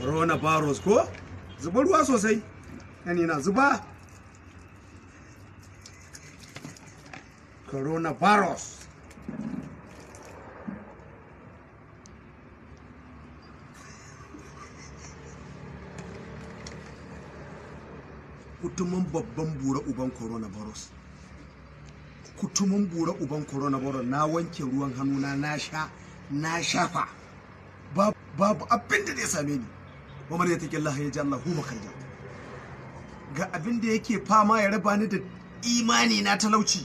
coronavirus ko zuba ruwa sosai yani na zuba coronavirus kutumin babban bura uban coronavirus kutumin bura uban coronavirus na wanke ruwan hannuna na sha na shafa babu abin da zai same ni wa ya take Allah yaj'al lahu makhraja ga abin da yake fama ya raba ni da imani na talauci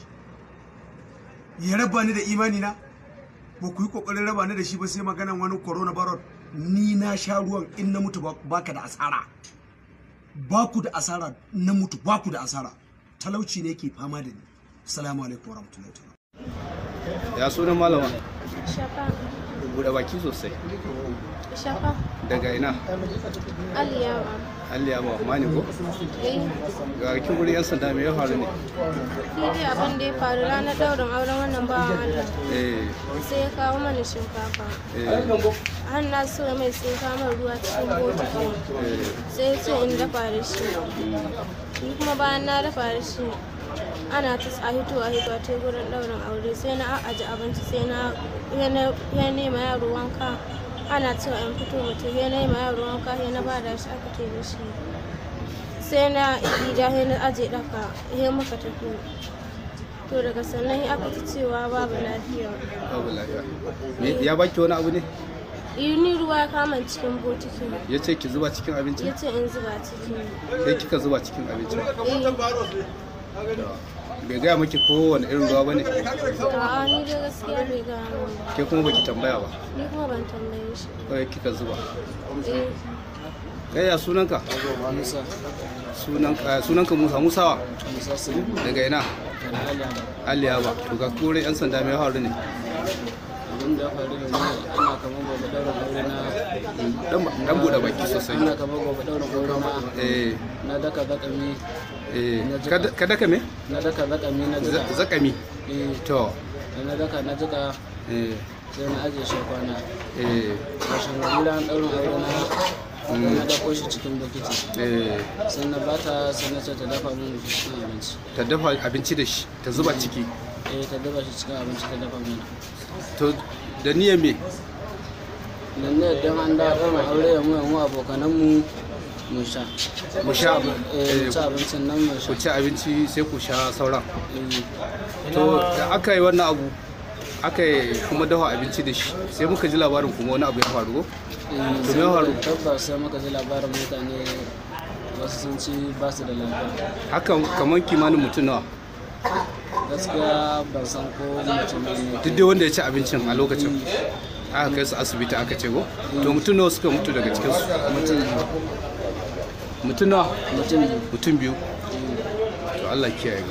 ya raba ni da imani na ba ku yi kokarin raba ni da shi ba sai maganan wani corona baron ni na sha ruwan in na mutu ka da asara ba ku da asara na mutu ba ku da asara talauci ne ke fama da ni assalamu alaikum warahmatullahi ya sunan malama shafa buɗe baki sosai daga ina aliyawa aliyawa ma ne ko eh. ga kin guri yan sanda me ya faru ne shi dai abin da ya faru ranar daurin auren wannan wa Allah eh. sai ya kawo mana shinkafa eh. har na so mai sai kama ruwa cikin bota sai ya ce in dafa da shi ni kuma bayan na dafa da shi ana ta a hitowa hitowa ta gurin ɗaurin aure sai na aji abinci sai na ya nema yaro wanka ana cewa in fito mutu ya nema yaro wanka ya na ba da shi aka ce shi, sai na gida ya na aje daka ya muka tafi to daga sannan ya aka ta cewa babu lafiya babu ya baki wani abu ne ni ruwa ya kama cikin botiki ya ce ki zuba cikin abinci ya ce in zuba cikin sai kika zuba cikin abinci eh. bai gaya miki ko wani irin ruwa bane a'a ni da gaskiya bai gaya ke kuma baki tambaya ba ni kuma ban tambaye shi kai kika zuba eh kai eh, ya sunanka Musa sunanka eh, sunanka Musa Musa wa Musa Sani daga ina Aliya ba to ga kore yan sanda mai haru ne abin da faru da mu ana kaman ba dan bude baki sosai ina bago gobe daura goro ma eh na daka zakami eh ka daka me na daka zakami na zakami eh to na daka na daka eh sai na aje shi kwana eh kashin gura an daura aure na mm. na shi cikin bokiti eh sannan ba ta sannan ta dafa min abinci ta dafa abinci da shi ta zuba ciki eh ta dafa shi cikin abinci ta dafa mana. to da niyyar me nan ne don an da ɗaura aure da mu yamu abokananmu mu sha mu sha eh, eh, abinci, nan mu sha ku ci abinci sai ku sha sauran eh. to da aka yi wannan abu aka yi kuma dafa abinci da shi sai muka ji labarin kuma wani abu ya faru ko? to me faru? tabbas sai muka ji labarin mutane wasu sun ci ba su da lafiya haka kamar kimanin mutum nawa gaskiya ban san ko mutum ne duk wanda ya ci abincin a lokacin aka kai su asibiti aka ce go to mutum nawa suka mutu daga cikin su mutum nawa mutum biyu to Allah kiyaye